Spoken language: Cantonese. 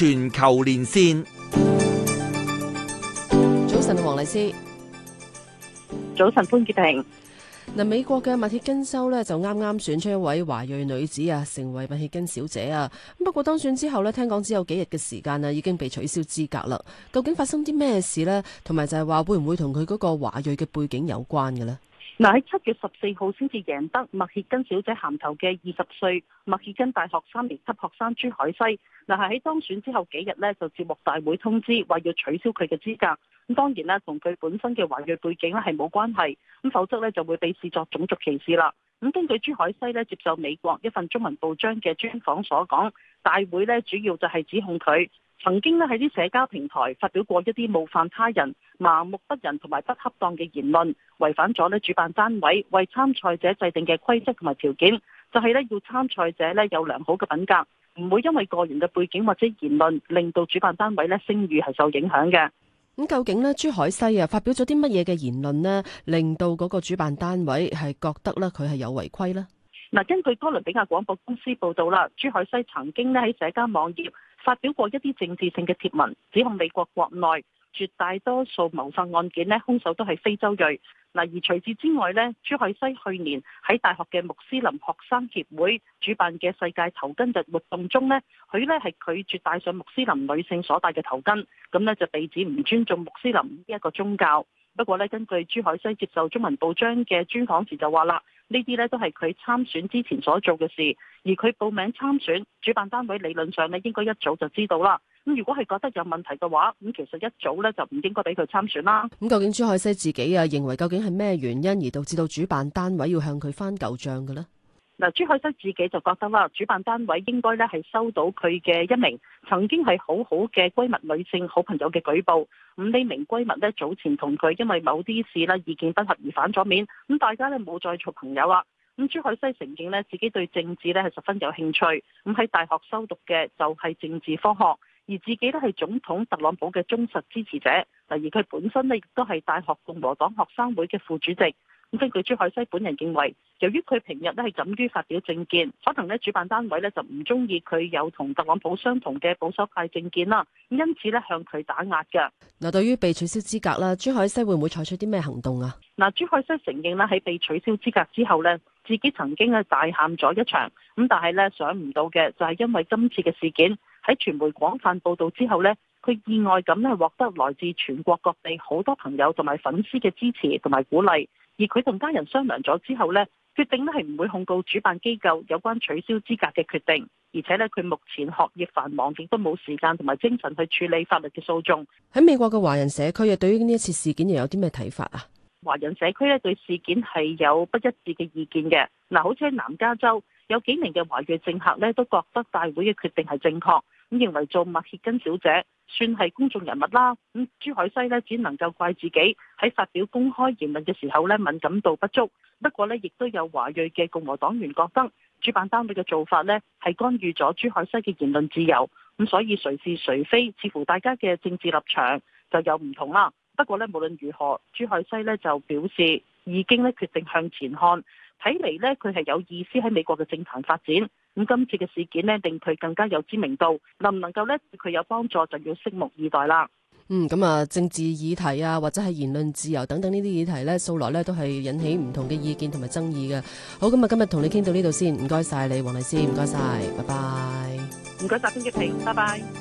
全球連線，早晨黃麗施，早晨潘潔平。嗱，美國嘅密歇根州呢，就啱啱選出一位華裔女子啊，成為密歇根小姐啊。不過當選之後呢，聽講只有幾日嘅時間啊，已經被取消資格啦。究竟發生啲咩事呢？同埋就係話會唔會同佢嗰個華裔嘅背景有關嘅呢？嗱，喺七月十四號先至贏得密歇根小姐銜頭嘅二十歲密歇根大學三年級學生朱海西。嗱，係喺當選之後幾日呢，就接獲大會通知，話要取消佢嘅資格。咁當然啦，同佢本身嘅華裔背景咧係冇關係，咁否則呢就會被視作種族歧視啦。咁根據朱海西咧接受美國一份中文報章嘅專訪所講，大會呢主要就係指控佢。曾經呢喺啲社交平台發表過一啲冒犯他人、麻木不仁同埋不恰當嘅言論，違反咗呢主辦單位為參賽者制定嘅規則同埋條件，就係呢，要參賽者呢有良好嘅品格，唔會因為個人嘅背景或者言論令到主辦單位呢聲譽係受影響嘅。咁究竟呢？朱海西啊發表咗啲乜嘢嘅言論呢？令到嗰個主辦單位係覺得呢，佢係有違規呢？嗱，根據哥倫比亞廣播公司報道啦，朱海西曾經呢喺社交網頁。發表過一啲政治性嘅貼文，指控美國國內絕大多數謀殺案件呢，兇手都係非洲裔。嗱，而除此之外呢，朱海西去年喺大學嘅穆斯林學生協會主辦嘅世界頭巾日活動中呢，佢呢係拒絕戴上穆斯林女性所戴嘅頭巾，咁呢，就被指唔尊重穆斯林呢一個宗教。不過咧，根據朱凱西接受中文報章嘅專訪時就話啦，呢啲咧都係佢參選之前所做嘅事，而佢報名參選，主辦單位理論上咧應該一早就知道啦。咁如果係覺得有問題嘅話，咁其實一早咧就唔應該俾佢參選啦。咁究竟朱凱西自己啊認為究竟係咩原因而導致到主辦單位要向佢翻舊賬嘅呢？嗱，朱海西自己就覺得啦，主辦單位應該咧係收到佢嘅一名曾經係好好嘅閨蜜女性好朋友嘅舉報。咁呢名閨蜜咧早前同佢因為某啲事咧意見不合而反咗面，咁大家咧冇再做朋友啦。咁朱海西承認咧自己對政治咧係十分有興趣，咁喺大學修讀嘅就係政治科學，而自己都係總統特朗普嘅忠實支持者。而佢本身咧亦都係大學共和黨學生會嘅副主席。根據朱海西本人認為，由於佢平日咧係敢於發表政見，可能呢主辦單位呢就唔中意佢有同特朗普相同嘅保守派政見啦，因此呢向佢打壓嘅嗱。對於被取消資格啦，朱海西會唔會採取啲咩行動啊？嗱，朱海西承認啦，喺被取消資格之後呢，自己曾經啊大喊咗一場咁，但係呢，想唔到嘅就係因為今次嘅事件喺傳媒廣泛報道之後呢，佢意外咁呢獲得來自全國各地好多朋友同埋粉絲嘅支持同埋鼓勵。而佢同家人商量咗之後，決定咧係唔會控告主辦機構有關取消資格嘅決定，而且咧佢目前學業繁忙，亦都冇時間同埋精神去處理法律嘅訴訟。喺美國嘅華人社區啊，對於呢一次事件又有啲咩睇法啊？華人社區咧對事件係有不一致嘅意見嘅。嗱，好似喺南加州有幾名嘅華裔政客咧都覺得大會嘅決定係正確。咁認為做密歇根小姐算係公眾人物啦，咁朱海西呢只能夠怪自己喺發表公開言論嘅時候呢敏感度不足。不過呢，亦都有華裔嘅共和黨員覺得主辦單位嘅做法呢係干預咗朱海西嘅言論自由。咁所以誰是誰非，似乎大家嘅政治立場就有唔同啦。不過呢，無論如何，朱海西呢就表示已經呢決定向前看，睇嚟呢，佢係有意思喺美國嘅政壇發展。咁今次嘅事件咧，令佢更加有知名度，能唔能夠咧對佢有幫助，就要拭目以待啦。嗯，咁啊，政治議題啊，或者係言論自由等等呢啲議題咧，素來咧都係引起唔同嘅意見同埋爭議嘅。好，咁啊，今日同你傾到呢度先，唔該晒你，黃麗施，唔該晒，拜拜。唔該，潘潔平，拜拜。